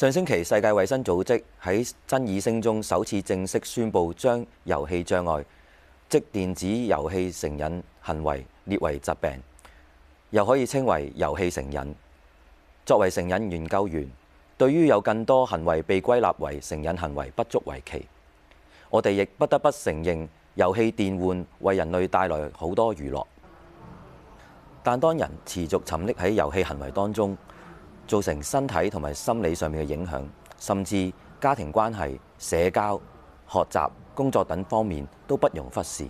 上星期，世界衛生組織喺爭議聲中首次正式宣布將遊戲障礙，即電子遊戲成癮行為列為疾病，又可以稱為遊戲成癮。作為成癮研究員，對於有更多行為被歸納為成癮行為不足為奇。我哋亦不得不承認遊戲，遊戲電玩為人類帶來好多娛樂，但當人持續沉溺喺遊戲行為當中，造成身體同埋心理上面嘅影響，甚至家庭關係、社交、學習、工作等方面都不容忽視。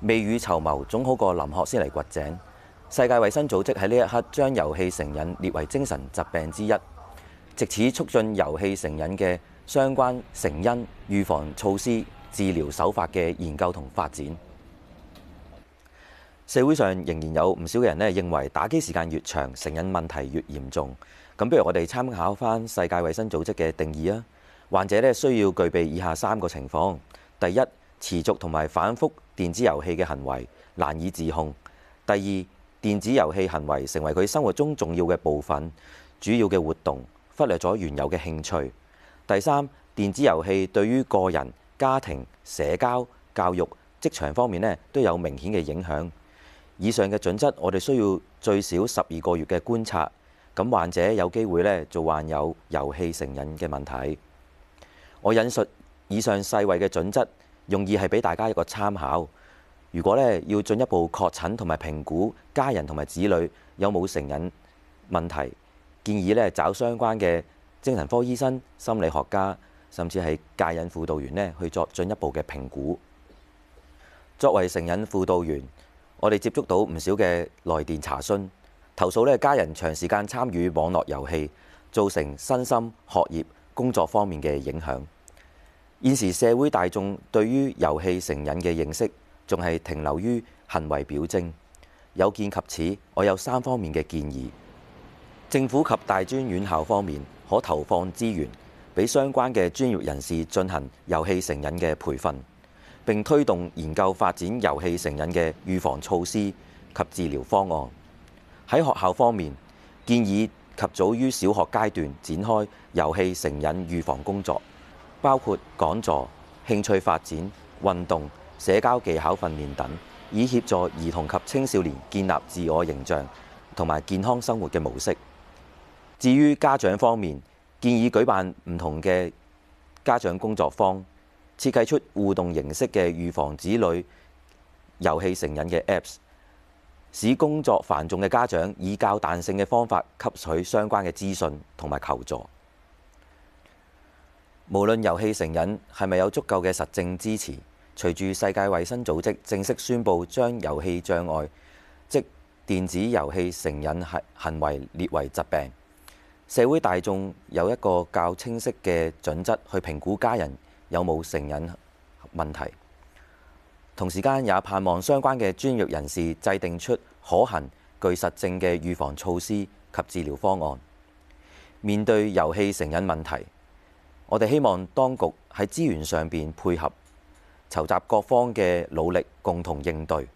未雨綢繆總好過臨學先嚟掘井。世界衞生組織喺呢一刻將遊戲成癮列為精神疾病之一，藉此促進遊戲成癮嘅相關成因、預防措施、治療手法嘅研究同發展。社會上仍然有唔少嘅人呢，認為打機時間越長，成癮問題越嚴重。咁，不如我哋參考返世界衞生組織嘅定義啊。患者呢需要具備以下三個情況：第一，持續同埋反覆電子遊戲嘅行為難以自控；第二，電子遊戲行為成為佢生活中重要嘅部分，主要嘅活動忽略咗原有嘅興趣；第三，電子遊戲對於個人、家庭、社交、教育、職場方面呢都有明顯嘅影響。以上嘅準則，我哋需要最少十二個月嘅觀察。咁患者有機會咧，就患有遊戲成癮嘅問題。我引述以上世衞嘅準則，用意係俾大家一個參考。如果呢，要進一步確診同埋評估家人同埋子女有冇成癮問題，建議呢找相關嘅精神科醫生、心理學家，甚至係戒癮輔導員呢去作進一步嘅評估。作為成癮輔導員。我哋接觸到唔少嘅來電查詢，投訴呢，家人長時間參與網絡遊戲，造成身心、學業、工作方面嘅影響。現時社會大眾對於遊戲成癮嘅認識，仲係停留於行為表徵。有見及此，我有三方面嘅建議：政府及大專院校方面可投放資源，俾相關嘅專業人士進行遊戲成癮嘅培訓。並推動研究發展遊戲成癮嘅預防措施及治療方案。喺學校方面，建議及早於小學階段展開遊戲成癮預防工作，包括講座、興趣發展、運動、社交技巧訓練等，以協助兒童及青少年建立自我形象同埋健康生活嘅模式。至於家長方面，建議舉辦唔同嘅家長工作坊。設計出互動形式嘅預防子女遊戲成癮嘅 Apps，使工作繁重嘅家長以較彈性嘅方法吸取相關嘅資訊同埋求助。無論遊戲成癮係咪有足夠嘅實證支持，隨住世界衛生組織正式宣布將遊戲障礙，即電子遊戲成癮行為列為疾病，社會大眾有一個較清晰嘅準則去評估家人有冇成癮問題？同時間也盼望相關嘅專業人士制定出可行、具實證嘅預防措施及治療方案。面對遊戲成癮問題，我哋希望當局喺資源上面配合，籌集各方嘅努力，共同應對。